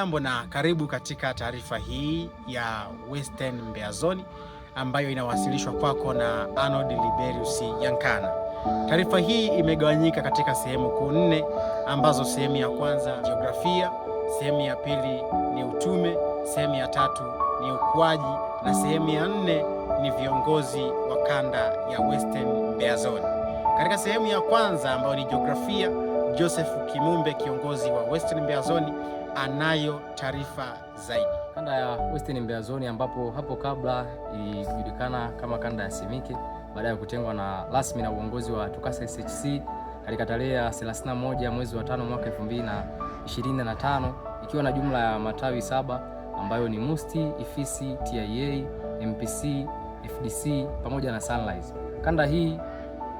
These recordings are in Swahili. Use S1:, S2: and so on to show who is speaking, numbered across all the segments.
S1: Hujambo na karibu katika taarifa hii ya Western Mbeya Zone ambayo inawasilishwa kwako na Arnold Liberius Yankana. Taarifa hii imegawanyika katika sehemu kuu nne ambazo sehemu ya kwanza jiografia, sehemu ya pili ni utume, sehemu ya tatu ni ukuaji na sehemu ya nne ni viongozi wa kanda ya Western Mbeya Zone. Katika sehemu ya kwanza ambayo ni jiografia, Joseph Kimumbe, kiongozi wa Western Mbeya Zone anayo taarifa zaidi.
S2: Kanda ya Western Mbeya Zone ambapo hapo kabla ilijulikana kama kanda ya Simike baada ya kutengwa na rasmi na uongozi wa Tukasa SHC katika tarehe ya 31 mwezi wa 5 mwaka 2025 ikiwa na jumla ya matawi saba ambayo ni Musti, Ifisi, TIA, MPC, FDC pamoja na Sunrise. Kanda hii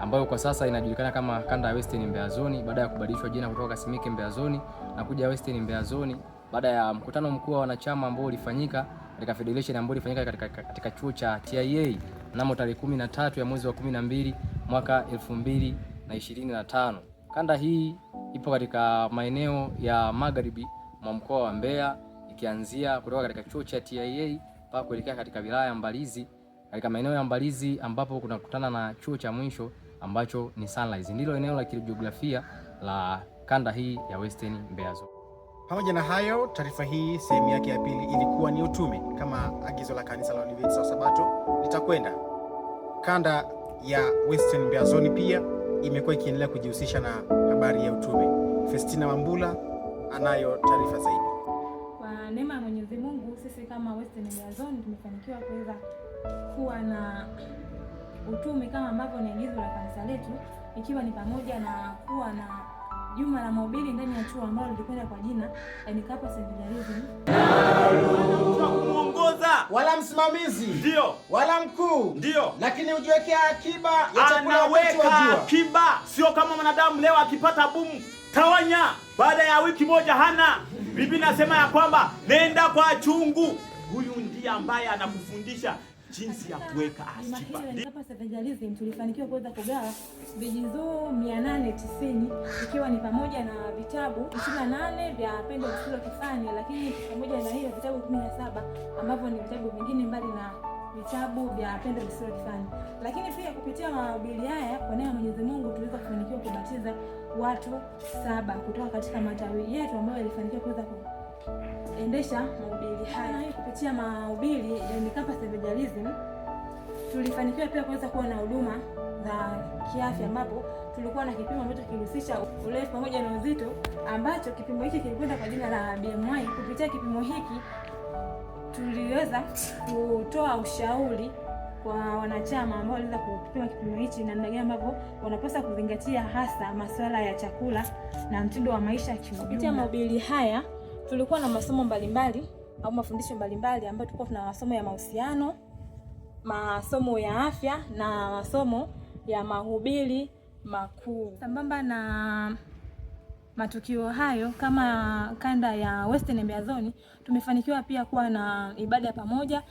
S2: ambayo kwa sasa inajulikana kama kanda ya Western Mbeya Zone baada ya kubadilishwa jina kutoka Kasimike Mbeya Zone na kuja Western Mbeya Zone baada ya mkutano mkuu wa wanachama ambao ulifanyika katika federation ambayo ilifanyika katika, katika katika chuo cha TIA mnamo tarehe 13 ya mwezi wa 12 mwaka 2025. Kanda hii ipo katika maeneo ya magharibi mwa mkoa wa Mbeya ikianzia kutoka katika chuo cha TIA mpaka kuelekea katika wilaya ya Mbalizi katika maeneo ya Mbalizi ambapo kunakutana na chuo cha mwisho ambacho ni Sunrise, ndilo eneo la kijiografia la kanda hii ya Western Mbeya Zone.
S1: Pamoja na hayo, taarifa hii sehemu yake ya pili ilikuwa ni utume, kama agizo la kanisa la Waadventista wa Sabato litakwenda. Kanda ya Western Mbeya Zone pia imekuwa ikiendelea kujihusisha na habari ya utume. Festina Mambula anayo taarifa zaidi.
S3: Kwa neema ya Mwenyezi Mungu, sisi kama Western Mbeya Zone tumefanikiwa kuweza kuwa na utume kama ambavyo ni agizo la kanisa letu, ikiwa ni pamoja na kuwa na juma la mahubiri ndani ya chuo ambalo lilikwenda kwa jina la Nikapo Seminarism.
S4: wala msimamizi ndio, wala mkuu ndio, lakini ujiwekea akiba ya chakula. Anaweka akiba, sio kama mwanadamu leo akipata bumu tawanya, baada ya wiki moja hana. Biblia nasema ya kwamba nenda kwa chungu, huyu ndiye ambaye anakufundisha jinsi ya kuweka akiba.
S3: Hapa Evangelism tulifanikiwa kuweza kugawa vijizuu 890 ikiwa ni pamoja na vitabu 28 vya Pendo Lisilo Kifani, lakini pamoja na hiyo vitabu 17 ambavyo ni vitabu vingine mbali na vitabu vya Pendo Lisilo Kifani. Lakini pia kupitia mahubiri haya kwa neema ya Mwenyezi Mungu tuliweza kufanikiwa kubatiza watu saba kutoka katika matawi yetu ambayo ilifanikiwa kuweza endesha mahubiri haya. Kupitia mahubiri ya Nikapa Evangelism tulifanikiwa pia kuweza kuwa na huduma za kiafya, ambapo tulikuwa na kipimo ambacho kilihusisha urefu pamoja na uzito, ambacho kipimo hiki kilikwenda kwa jina la BMI. Kupitia kipimo hiki tuliweza kutoa ushauri kwa wanachama ambao waliweza kupima kipimo hichi, namna gani ambavyo wanapaswa kuzingatia hasa masuala ya chakula na mtindo wa maisha kiujumla.
S5: Kupitia mahubiri haya tulikuwa na masomo mbalimbali au mafundisho mbalimbali ambayo tulikuwa tuna masomo ya mahusiano, masomo ya afya na masomo ya mahubiri makuu.
S6: Sambamba na matukio hayo, kama kanda ya Western Mbeya Zone tumefanikiwa pia kuwa na ibada ya pamoja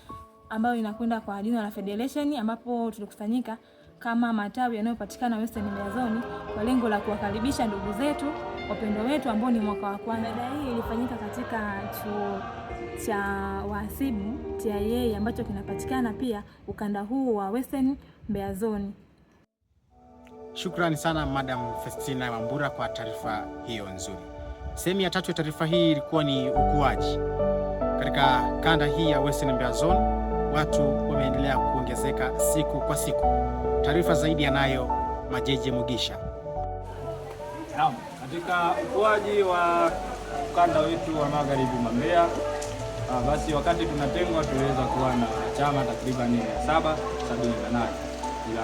S6: ambayo inakwenda kwa jina la Federation ambapo tulikusanyika kama matawi yanayopatikana Western Miazoni kwa lengo la kuwakaribisha ndugu zetu wapendwa wetu ambao ni mwaka wa kwanza. Ibada hii ilifanyika katika chuo cha wahasibu TIA ambacho kinapatikana pia ukanda huu wa Western Mbeya Zone.
S1: Shukrani sana Madam Festina Wambura kwa taarifa hiyo nzuri. Sehemu ya tatu ya taarifa hii ilikuwa ni ukuaji katika kanda hii ya Western Mbeya Zone watu wameendelea kuongezeka siku kwa siku. Taarifa zaidi yanayo Majeje Mugisha.
S7: Naam, katika ukuaji wa ukanda wetu wa magharibi mwa Mbeya, ah, basi wakati tunatengwa tuliweza kuwa na wanachama takriban mia saba sabini na nane ila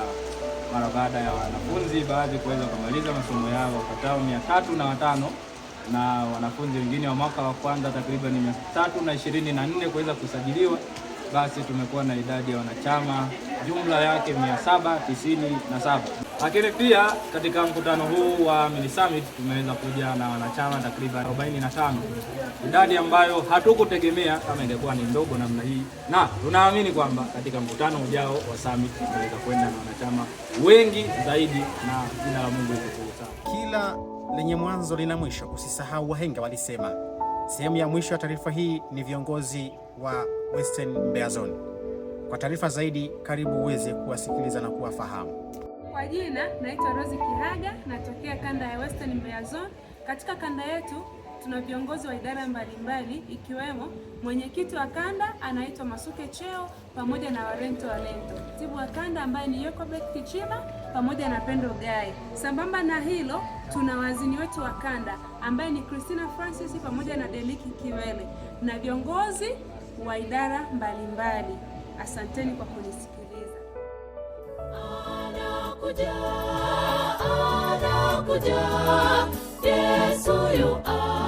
S7: mara baada ya wanafunzi baadhi kuweza kumaliza masomo yao wapatao mia tatu na watano na wanafunzi wengine wa mwaka wa kwanza takriban mia tatu na ishirini na nne kuweza kusajiliwa basi tumekuwa na idadi ya wanachama jumla yake 797. Lakini pia katika mkutano huu wa mini summit tumeweza kuja na wanachama takriban 45, idadi ambayo hatukutegemea kama ingekuwa ni ndogo namna hii, na tunaamini kwamba katika mkutano ujao wa summit tunaweza kwenda na wanachama wengi zaidi, na jina la Mungu litukuzwe.
S1: Kila lenye mwanzo lina mwisho, usisahau wahenga walisema. Sehemu ya mwisho ya taarifa hii ni viongozi wa Western Mbeya Zone. Kwa taarifa zaidi, karibu uweze kuwasikiliza na kuwafahamu.
S8: Kwa jina naitwa Rose Kihaga, natokea kanda ya Western Mbeya Zone. Katika kanda yetu tuna viongozi wa idara mbalimbali ikiwemo mwenyekiti wa kanda anaitwa Masuke Cheo pamoja na Warento Warento, katibu wa kanda ambaye ni Yokobet Kichima pamoja na Pendo Gai. Sambamba na hilo, tuna wazini wetu wa kanda ambaye ni Christina Francis pamoja na Deliki Kiwele na viongozi wa idara mbalimbali. Asanteni kwa kunisikiliza. Anakuja, anakuja, Yesu yu